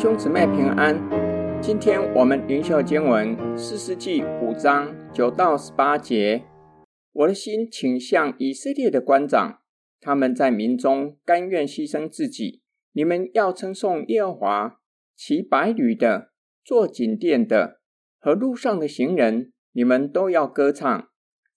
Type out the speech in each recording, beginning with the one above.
弟兄姊妹平安。今天我們靈修經文士師記五章九到十八節。我的心傾向以色列的官長，他們在民中甘願犧牲自己。你們要稱頌耶和華。騎白驢的、坐錦墊的和路上的行人，你們都要歌唱。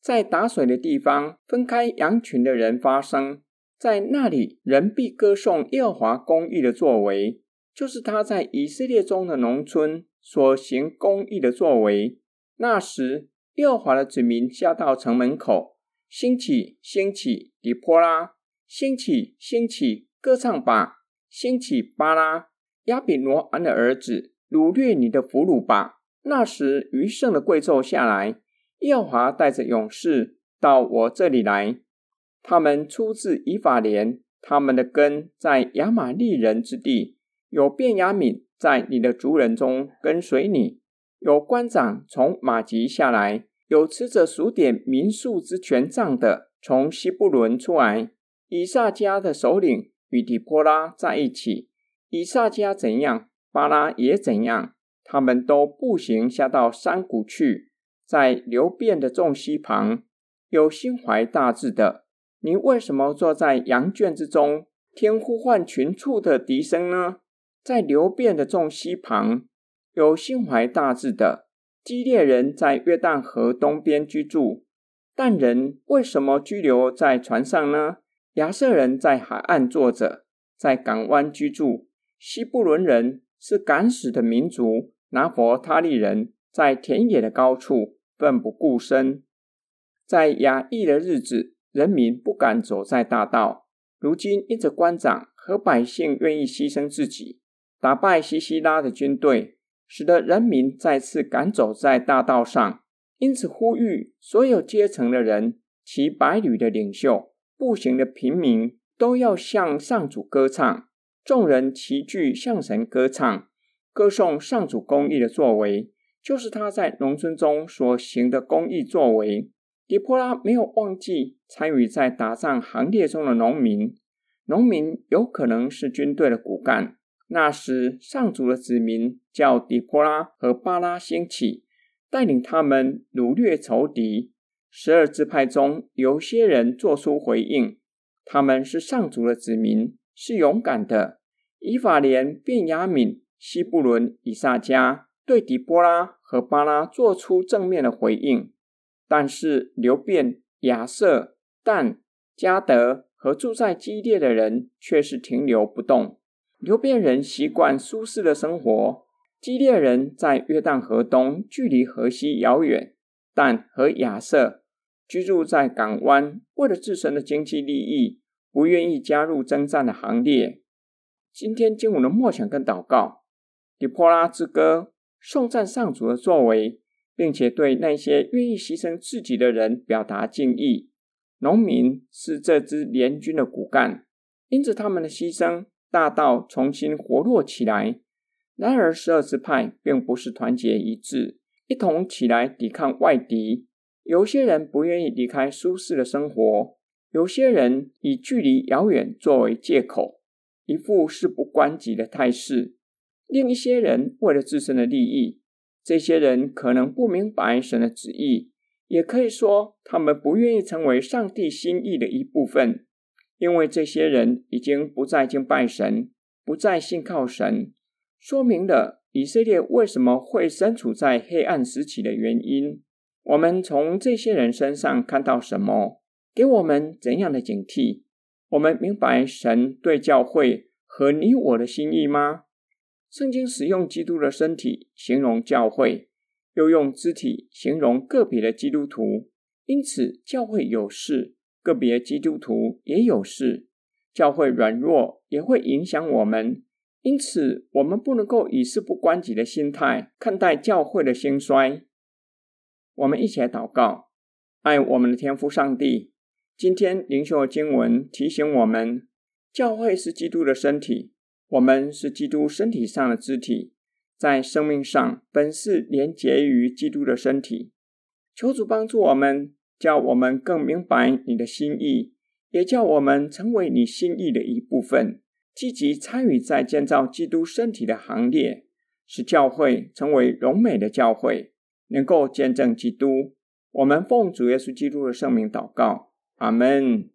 在打水的地方，分開羊群的人發聲，在那裡人必歌頌耶和華公義的作為。就是他在以色列中的農村所行公義的作為。那時，耶和華的子民下到城門口。興起，興起，底波拉！興起，興起，歌唱吧！興起，巴拉！亞比挪菴的兒子，擄掠你的俘虜吧！那時，餘剩的貴胄下來，耶和華帶着勇士到我這裡來。他們出自以法蓮，他們的根在亞瑪力人之地。有便雅憫在你的族人中跟隨你，有官長從瑪吉下來，有持着數點民數之權杖的，從西布倫出來。以薩迦的首領與底波拉在一起，以薩迦怎樣，巴拉也怎樣，他們都步行下到山谷去，在流便的眾溪旁，有心懷大志的。你為什麼坐在羊圈之中，聽呼喚群畜的笛聲呢？在流便的眾溪旁，有心懷大志的。基列人在約旦河東邊居住，但人為什麼居留在船上呢？亞設人在海岸坐着，在港灣居住。西布倫人是敢死的民族，拿弗他利人在田野的高處奮不顧身。在雅億的日子，人民不敢走在大道。如今，因著官長和百姓願意犧牲自己。打敗西西拉的軍隊，使得人民再次敢走在大道上，因此呼籲所有階層的人，騎白驢的領袖、步行的平民，都要向上主歌唱。眾人齊聚向神歌唱，歌頌上主公義的作為，就是他在農村中所行的公義作為。底波拉沒有忘記參與在打仗行列中的農民，農民有可能是軍隊的骨幹。那時，上主的子民叫底波拉和巴拉興起，帶領他們擄掠仇敵。十二支派中，有些人做出回應，他們是上主的子民，是勇敢的。以法蓮、便雅憫、西布倫、以薩迦對底波拉和巴拉做出正面的回應，但是流便，亞設，但、迦得和住在基列的人卻是停留不動。流便人習慣舒適的生活，基列人在約旦河東，距離河西遙遠，但和亞設居住在港灣，為了自身的經濟利益，不願意加入爭戰的行列。今天，經文的默想跟禱告，《底波拉之歌》，頌讚上主的作為，並且對那些願意犧牲自己的人表達敬意。農民是這支聯軍的骨幹，因着他們的犧牲。大道重新活絡起來，然而十二支派並不是團結一致，一同起來抵抗外敵。有些人不願意離開舒適的生活，有些人以距離遙遠作為借口，一副事不關己的態勢。另一些人為了自身的利益，這些人可能不明白神的旨意，也可以說他們不願意成為上帝心意的一部分。因為這些人已經不再敬拜神，不再信靠神，說明了以色列為什麼會身處在黑暗時期的原因。我們從這些人身上看到什麼？給我們怎樣的警惕？我們明白神對教會和你我的心意嗎？聖經使用基督的身體形容教會，又用肢體形容個別的基督徒，因此教會有事。個別基督徒也有事，教會軟弱也會影響我們，因此我們不能夠以事不關己的心態看待教會的興衰。我們一起來禱告，愛我們的天父上帝。今天靈修的經文提醒我們，教會是基督的身體，我們是基督身體上的肢體，在生命上本是連結於基督的身體。求主幫助我們。叫我們更明白你的心意，也叫我們成為你心意的一部分，積極參與在建造基督身體的行列，使教會成為榮美的教會，能夠見證基督。我們奉主耶穌基督的聖名禱告，阿門